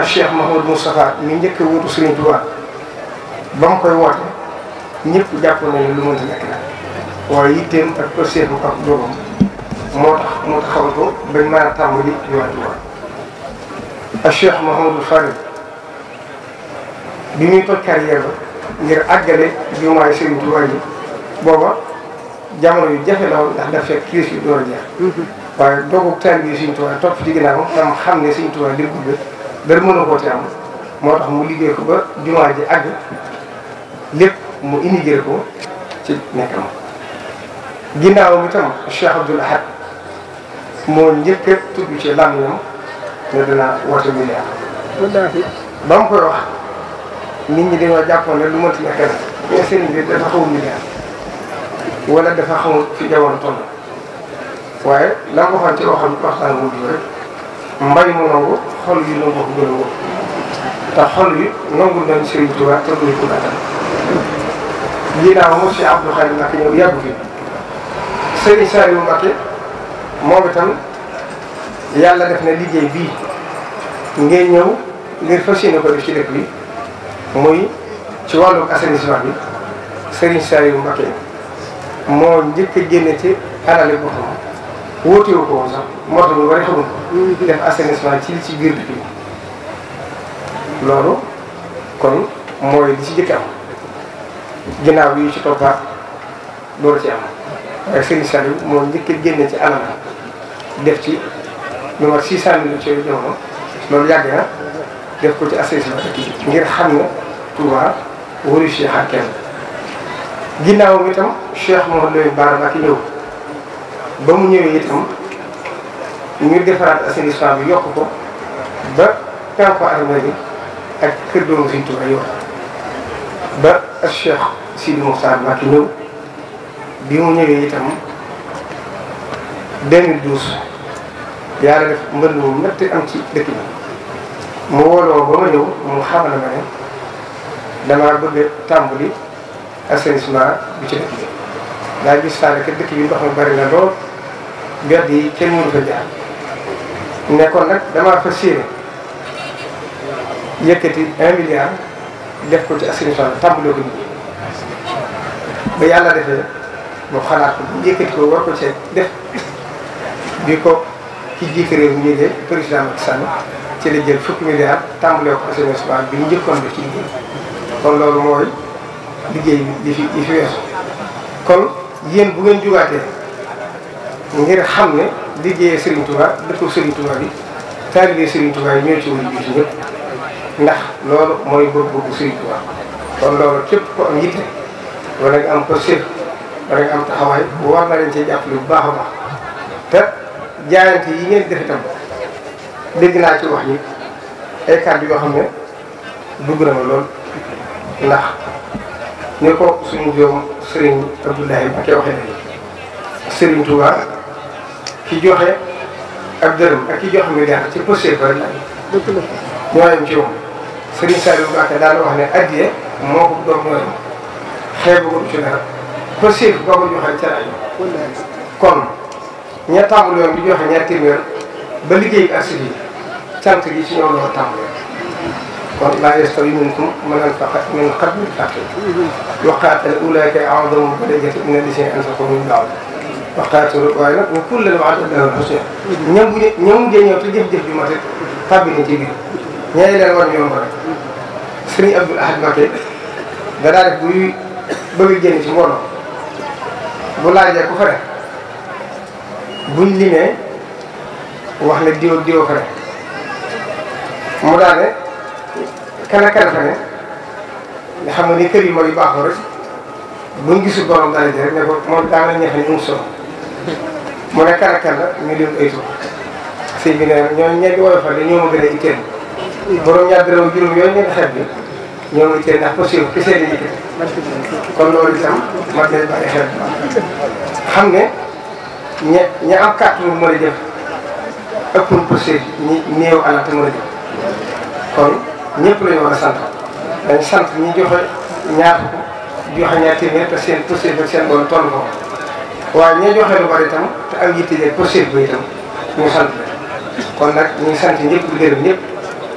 ak Cheikh Mahmoud Moustapha njëkk a si Serigne Touba ba mu koy woote ñëpp jàpp nañu lu mënta nekk la waaye yitteem ak procès bu ak ko bañ mën a tàmbali bi muy toj carrière ba ngir àggale jumaay Serigne Touba yi booba jamono yu jafe la woon ndax daf fekk crise yu door a jeex mm-hmm. waaye doogug taal bi Serigne Touba topp ci ginnaawam dama xam ne Serigne Touba li mu dara mën a koo am moo tax mu liggéey ko ba jumaa ji àgg lépp mu inigéré ko ci nekkam ginnaawam itam Cheikh Abdoul Ahad moo njëkk a tudd ci làmmiñam ne dana woote milliard ba mu koy wax nit ñi dañoo jàppoon ne lu mënti nekk la mais sëriñ bi dafa xaw milliard wala dafa xaw fi jawoon toll waaye la nga waxoon ci waxam waxtaan mu rek mbay mu nangu xol yi nangu ko gën a te xol yi nangu nañ Serigne Touba te duñu ko daatal ginnaaw mu si Abdou Khadre Mbacké ñëw yàggu fi Serigne Saliou Mbacké moom itam yàlla def na liggéey bii ngeen ñëw ngir fas ko def ci dëkk bi muy ci wàllu assainissement bi Serigne Saliou Mbacké moo njëkk a génne ci alali boppam wóotewu ko woon moo tax war a xamul ko. def assainissement ci ci biir bi. loolu kon mooy li ci jëkk am ginnaaw yu ci toppaat loolu ci am waaye Serigne Saliou moo njëkk a génne ci alal def ci lu mat 600 millions ci jamono loolu yàgg na def ko ci assainissement ngir xam ne Touba wóoru Cheikh ak kenn ginnaaw mi itam Cheikh Mawal Loïs Baara Mbacke ñëw. ba mu ñëwee itam ñu defaraat assainissement bi yokk ko ba penku armée bi ak kër doomu Sëriñ Tuubaa yi ba ak bi mu ñëwee itam 2012 yàlla def mbënd mu métti am ci dëkk bi mu wooloo ba ma ñëw mu xamal ma ne damaa bëgg a tàmbali assainissement ci dëkk bi daa gis saa dëkk bi ndox mi bari na lool. mbedd yi kenn mënu fa jaar ne nag damaa fas yéene yëkkati un milliard def ko ci assainissement tàmbaloo ko ba yàlla defee mu xalaat ko yëkkati ko war ko ci def bi ko ki jiite réew mi de président Macky Sall ci la jël fukki milliard tàmbalee ko assainissement bi ñu njëkkoon def ci liggéey kon loolu mooy liggéey bi di fi di fi weesu kon yéen bu ngeen jugaatee ngir xam ne liggéeyee Serigne Touba dëkku Serigne Touba bi taalibe Serigne Touba yi ñoo ci war a jiitu ñëpp ndax loolu mooy bëgg-bëggu Serigne Touba loolu képp ku am yitte wala nga am posture wala am taxawaay bu war na leen cee bu baax a baax te jaayante yi ngeen def itam dégg naa ci wax ñi ay kàddu yoo xam ne dugg na ma lool ndax ñu ko suñu joom Serigne Abdoulaye Mbacké waxee Serigne Touba. ki joxe ak dërëm ak ki joxe milliard ci posture ba rek la ñoo yem ci moom Serigne Saliou Mbacké daan wax ne addiye moo ko doom mooy xeebu ko ci dara posture boo ko joxe ca rajo kon ña tàmbali woon di joxe ñaar téeméer ba liggéey ak suivi cant gi ci ñoom la ko tàmbalee kon laa yastawi minkum man anfaqa min qabli al-fath wa qaatala ulaa'ika a'zamu darajatan mina llaziina anfaqu min ba'du waxtaan solo waaye nag wa kullan wa'ada al-husnaa ñoom bu ñu ñoom mujjee ñëw te jëf-jëf bi mat it tàbbi ci biir ñaari leen war ñoom rek sëriñ rek buñ limee wax ne diw diw fa kana fa ne nga xam nga ni kër yi mag yu baaxoo rek buñ gisul borom daal di rek ne ko daa mel ni ñax mi mu ne karakal la ñu lim ay tur sëñ bi nee na ñoom ñetti woyofal yi ñoo ma gën a itteel borom ñaar dërëm juróom yooyu ñu ngi bi ñoo ma itteel ndax possible kese la itteel kon loolu xam ne ña ña am kàttu mu a jëf ëpp na possible ñi néew alal te mën kon ñëpp la ñu war a sant dañ sant ñi joxe ñaar joxe ñaar téeméer te seen possible ak seen borom waaye ñoo joxe lu bari itam te am yitte ne procédure bi tam ñu sant kon nag ñu ngi sant ñëpp di gërëm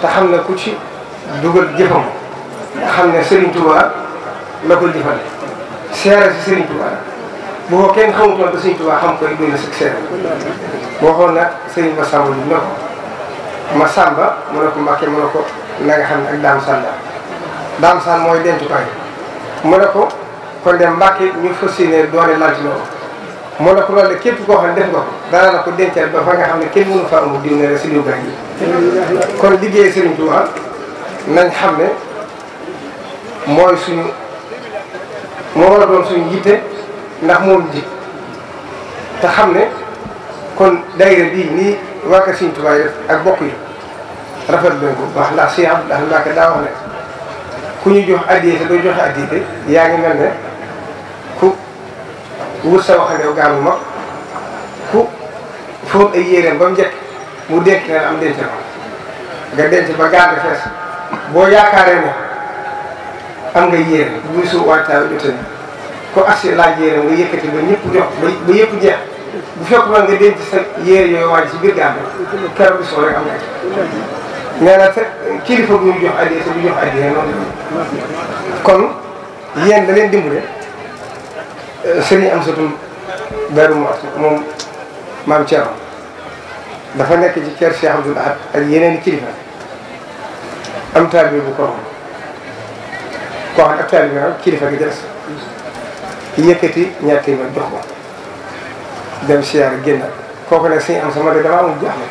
te xam ne ku ci dugal jëfam nga xam ne Serigne Touba la ko jëfal seere si Serigne Touba bu ko kenn xamutoon ba Serigne Touba xam koy doy na si seere boo xool na Serigne Massamba lu ne ko Massamba mu ne ko Mbacke mu ne ko na xam ne ak Dame Sall Dame Sall mooy dencukaay mu ne ko kon dem Mbacke ñu fas yéene doone laaj loolu moo la ko loolu de képp koo xam ne def nga ko dana la ko dencal ba fa nga xam ne kenn mënu fa amul diw ne rek si liw gaa yi kon liggéey Sëriñ Tuubaa nañ xam ne mooy suñu moo war a doon suñu yitte ndax moom ji te xam ne kon daayira bii nii waa kër Sëriñ Tuubaa def ak bokk yi rafet nañ ko bu baax ndax Cheikh Abdoulaye daa wax ne ku ñu jox addiya te doo joxe addiya yaa ngi mel ne wut sa wax ak yow gaanu ma ku foofu ay yéreem ba mu njëkk mu denc nga denc ba gaar fees boo yaakaaree ne am nga yére muy suuf waajtaay jotee ko assi laaj waaj si biir gaar kilifa bu ñu jox addiya te bu jox addiya noonu kon yéen da leen dimbale. sëriñ am sutum Daaru Muxti maam Thierno dafa nekk ci kër Cheikh Abdoul Ahad ak yeneen kilifa am taalibe bu ko koo xam ak taalibe bi kilifa gi des yëkkati ñaar téeméer jox ko dem siyaare génnaat kooku nag sëriñ am sama de damaa amul jaaxle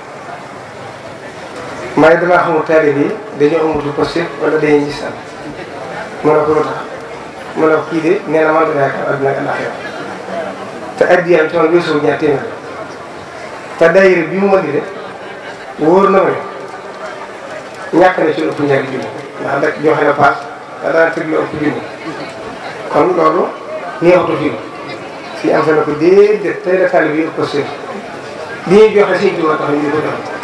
maa ngi damaa xamul taalibe yi dañoo amatul possible wala dañuy gis mu ne ko lu mu ne kii de nee na mënta yaakaar adduna ak àllaaxira te addiyam toon weesu ñaar téeméer te daayira bi mu mën di de wóor na ma ñàkk na ci lu ëpp ñaari junni ndax nag joxe na paas te daan tëgg lu kon loolu neexatu fi si am na ko déedéet tey la bi ëpp ko séer li ñuy joxe Sëñ Tuubaa ñu joxe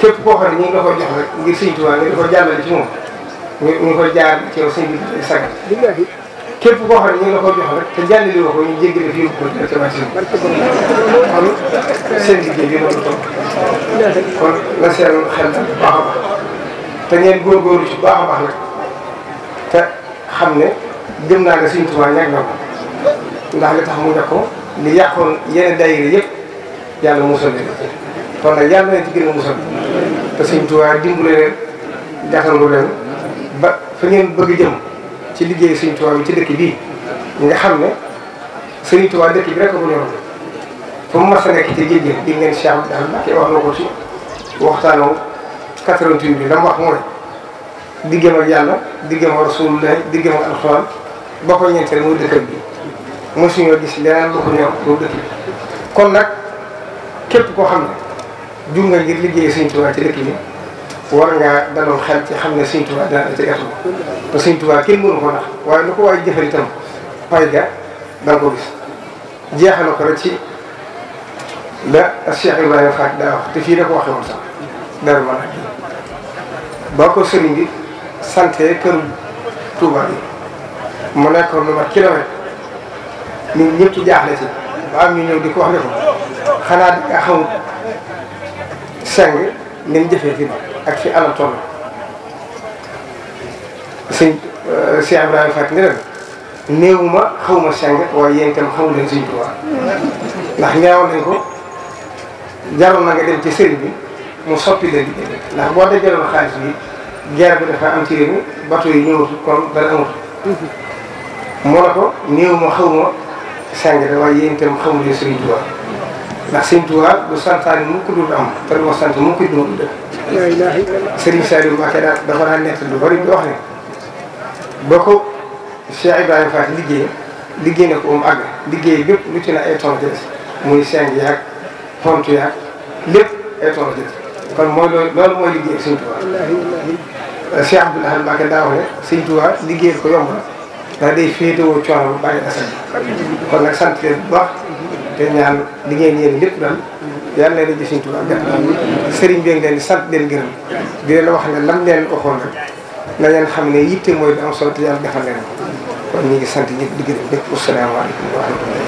képp koo xam ne ñu ko jox rek ngir Sëñ ko jàllale ci moom ñu ñu ko jaar ci yow képp koo xam ne ñi ngi la ko jox rek te jàllale woo ko ñu jéggale fi yóbbu ko directement si kon seen liggéey bi la toll kon na seen xel bu baax a baax te ngeen góorgóorlu ci baax a baax nag xam ne gëm naa ne Sëriñ Tuubaa ñàkk na ko ndax li tax mu ne ko li yàqoon yenn daayira yëpp yàlla musal leen kon nag yàlla na ci gën a musal te Sëriñ Tuubaa dimbale leen gàttandu leen ba fa ngeen bëgg jëm. ci liggéey Sëriñ Tuubaa yi ci dëkk bii nga xam ne Sëriñ Tuubaa dëkk bi rek a mu ñoroon fu mu mas a nekk ci géej di ngeen Cheikh Abdoulaye Mbacké wax na ko ci waxtaanoo bi la mu ba ko ñeenteel ko ñor dëkk bi kon nag képp koo xam ne jur nga ngir liggéey Sëriñ Tuubaa ci dëkk bi war ngaa daloon xel ci xam ne Sëñ Tuubaa dana la ca gertu te Sëñ ko nax waaye lu ko waay jëfal itam pay ga da nga ko gis ci la Cheikh Ibrahima Fall daa wax te fii la ko waxee woon sax dara ma nag ba ko sëriñ bi santé kër Touba bi mu nekkoon lu mat kilomètre ñun ñëpp ci jaaxle ci ba am ñu ñëw di ko wax ne ko xanaa di nga seng ni jëfee fi ba ak fi anam toll sëñ euh, Cheikh Ibrahima Faty Ngirane néewuma xawma seng waaye yéen itam xamu leen sëñ Tuubaa ndax ñaawoon nañ dem ci sëriñ bi mu soppi leen liggéey ndax boo dajaloon xaalis bi guerre bi dafa am ci réew yi ñëwatu kon dara amatu moo la ko néewuma xawma seng de waaye mu itam xamu leen sëriñ Tuubaa ndax sëñ Tuubaa du santaane mu ko dul am te du ma sant mu ko dul def laa ilaaha illallaah Serigne Saliou Mbacké daal dafa daan nekk lu bari di wax ne boo ko Cheikh Ibrahima Fall liggéey liggéey na ko ba mu liggéey bépp lu ci na ay tontu des muy seng yaag tontu yaag lépp ay tontu kon mooy loolu loolu mooy liggéey Serigne Touba. Cheikh Abdoul Ahad Mbacké daa wax ne Serigne Touba liggéey ko yomb na ndax day féetewoo coono ba bàyyi asal kon nag sant leen bu te ñaan li ngeen yéen lépp daal yàlla leen di jëfiñ tubaab gàtt sëriñ bi leen di sant leen gërëm di leen wax ne lam leen waxoon rek na ngeen xam ne yitte mooy di am solo te yàlla defal leen kon ñu ngi sant ñëpp di gërëm ñëpp asalaamaaleykum wa rahmatulah